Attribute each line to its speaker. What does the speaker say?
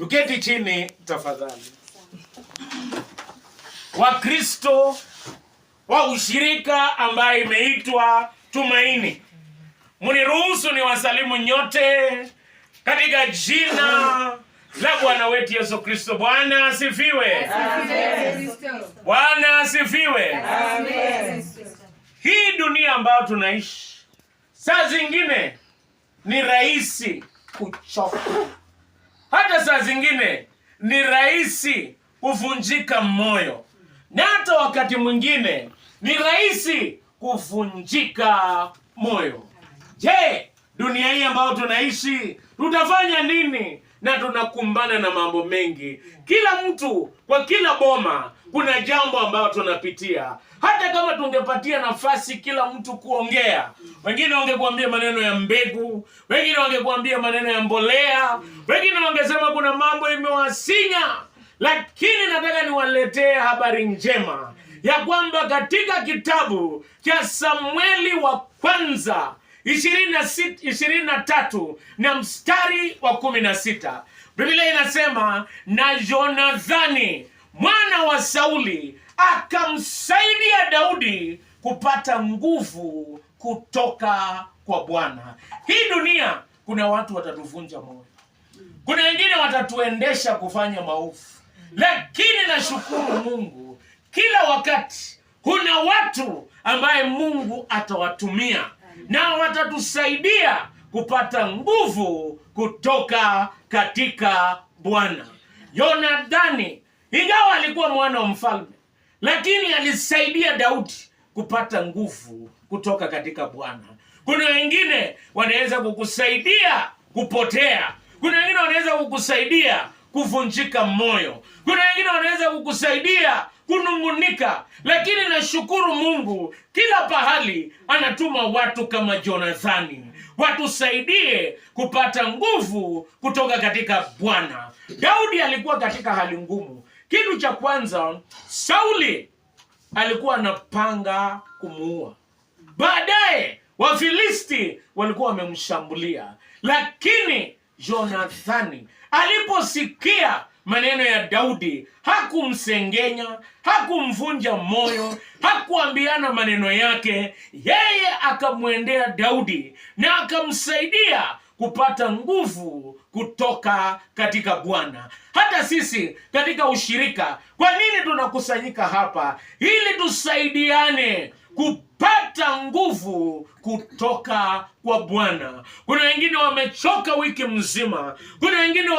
Speaker 1: Tuketi chini tafadhali. Wakristo wa ushirika ambaye imeitwa Tumaini, mniruhusu ni wasalimu nyote katika jina la Bwana wetu Yesu Kristo. Bwana asifiwe.
Speaker 2: Amen.
Speaker 1: Bwana asifiwe.
Speaker 2: Amen.
Speaker 1: Hii dunia ambayo tunaishi saa zingine ni rahisi kuchoka hata saa zingine ni rahisi kuvunjika moyo, na hata wakati mwingine ni rahisi kuvunjika moyo. Je, dunia hii ambayo tunaishi tutafanya nini na tunakumbana na mambo mengi. Kila mtu kwa kila boma kuna jambo ambayo tunapitia. Hata kama tungepatia nafasi kila mtu kuongea, wengine wangekuambia maneno ya mbegu, wengine wangekuambia maneno ya mbolea, wengine wangesema kuna mambo imewasinya, lakini nataka niwaletee habari njema ya kwamba katika kitabu cha Samueli wa kwanza ishirini na tatu na mstari wa kumi na sita Biblia inasema na jonathani mwana wa Sauli akamsaidia Daudi kupata nguvu kutoka kwa Bwana. Hii dunia kuna watu watatuvunja moyo, kuna wengine watatuendesha kufanya maovu, lakini nashukuru Mungu kila wakati kuna watu ambaye Mungu atawatumia na watatusaidia kupata nguvu kutoka katika Bwana. Yonathani ingawa alikuwa mwana wa mfalme, lakini alisaidia Daudi kupata nguvu kutoka katika Bwana. Kuna wengine wanaweza kukusaidia kupotea, kuna wengine wanaweza kukusaidia kuvunjika moyo, kuna wengine wanaweza kukusaidia kunungunika, lakini nashukuru Mungu kila pahali anatuma watu kama Jonathani watusaidie kupata nguvu kutoka katika Bwana. Daudi alikuwa katika hali ngumu. Kitu cha kwanza, Sauli alikuwa anapanga kumuua. Baadaye Wafilisti walikuwa wamemshambulia, lakini Jonathani aliposikia maneno ya Daudi, hakumsengenya, hakumvunja moyo, hakuambiana maneno yake. Yeye akamwendea Daudi na akamsaidia kupata nguvu kutoka katika Bwana. Hata sisi katika ushirika, kwa nini tunakusanyika hapa? Ili tusaidiane kupata nguvu kutoka kwa Bwana. Kuna wengine wamechoka wiki mzima, kuna wengine